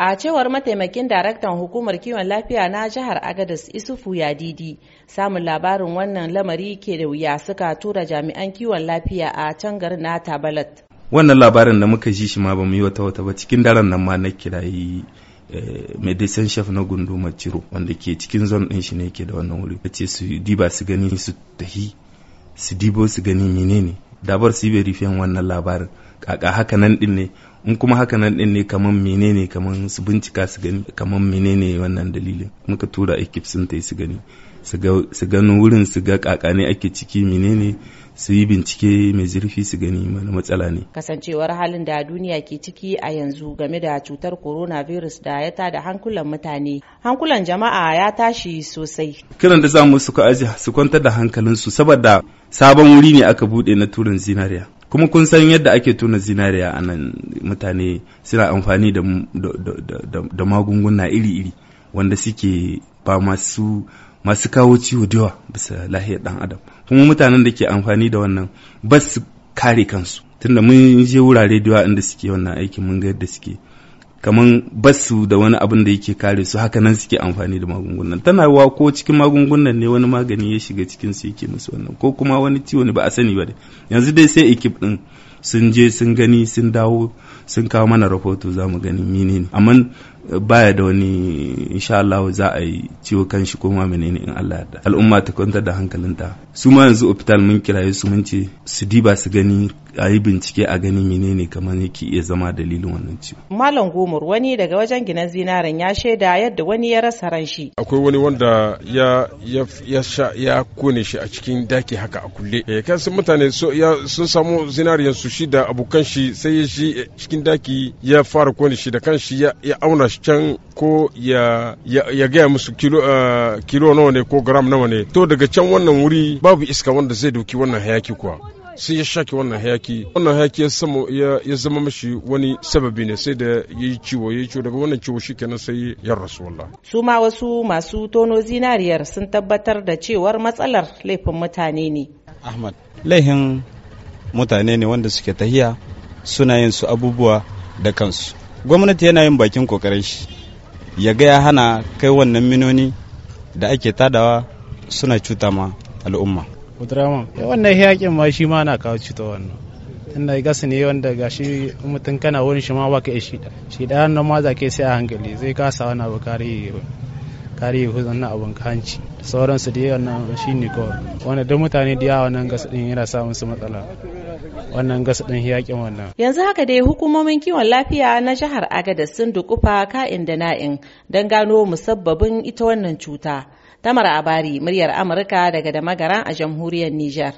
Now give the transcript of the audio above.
a cewar mataimakin daraktan hukumar kiwon lafiya na jihar agadas isufu yadidi samun labarin wannan lamari ke da wuya suka tura jami'an kiwon lafiya a can garin na tabalat wannan labarin da muka ji shi ma ba mu yi wata wata ba cikin daren nan ma na kirayi eh, medicine chef na gundu maciro wanda ke cikin zon din shi ne ke da wannan wuri ce su diba su gani su tahi su dibo su gani menene dabar su yi verifiyan wannan labarin kaka haka nan din ne in kuma haka nan din ne kamar menene kamar su bincika su gani kamar menene wannan dalilin muka tura ekip sun ta su gani su gano wurin su ga kaka ne ake ciki menene su yi bincike mai zurfi su gani mana matsala ne. Kasancewar halin da duniya ke ciki a yanzu game da cutar coronavirus da ya ta da hankulan mutane. Hankulan jama'a ya tashi sosai. Kiran da zamu su aji su kwantar da hankalinsu saboda sabon wuri ne aka bude na turin zinariya. kuma kun san yadda ake tona zinariya a nan mutane suna amfani da magunguna iri-iri wanda suke ba masu masu kawo ciwo da yawa bisa lahiyar dan adam kuma mutanen da ke amfani da wannan ba su kare kansu tunda mun je wurare da yawa inda suke wannan aikin mun ga yadda suke kaman su da wani abin da yake kare su haka nan suke amfani da magungunan tana wa ko cikin magungunan ne wani magani ya shiga cikin su yake musu wannan ko kuma wani ciwo ne ba a sani ba da yanzu dai sai ekip din sun je sun gani sun dawo sun kawo mana rahoto za mu gani menene amma baya da wani insha Allah za a yi ciwo kan shi ko ma menene in Allah yarda al'umma ta kwantar da hankalinta su ma yanzu hospital mun kiraye su mun ce su diba su gani a yi bincike a gani menene kamar yake iya zama dalilin wannan ciwo malam gomur wani daga wajen ginan zinaren ya shaida yadda wani ya rasa ran shi akwai wani wanda ya ya ya, sha, ya kone shi a cikin daki haka a kulle eh kan sun mutane so, ya, sun samu zinariyan su shi da abokan shi sai ya shi cikin daki ya fara kone shi da kanshi ya, ya auna shi can ko ya ya ya gaya musu kilo ah, kilo nawa ne ko gram nawa ne to daga can wannan wuri babu iska wanda zai dauki wannan hayaki kuwa sai ya shaki wannan hayaki wannan hayaki ya zama mashi wani sababi ne sai da ya yi ciwo ya yi ciwo daga wannan ciwo shikenan sai ya rasu wallah su ma wasu masu tono zinariyar sun tabbatar da cewar matsalar laifin mutane ne ahmad laifin mutane ne wanda suke tahiya suna yin su abubuwa da kansu gwamnati yana yin bakin kokarin shi ya ga ya hana kai wannan minoni da ake tadawa suna cuta ma al'umma ya eh, wannan yaƙin ma shi ma na kawo cuta wannan tunda gas ne wanda ga shi mutum kana wurin shi ma baka da shi da nan ma zake sai a hankali zai kasa wani abu kare yi huzun na abun kanci sauransu da yawan shi ne kawai wanda duk mutane da yawa nan gas din yana samun su matsala wannan gas ɗin yakin wannan. Yanzu haka dai hukumomin kiwon lafiya na jihar agada sun dukufa ka'in da na'in don gano musabbabin ita wannan cuta. Tamar Abari, muryar Amurka daga da a jamhuriyar Nijar.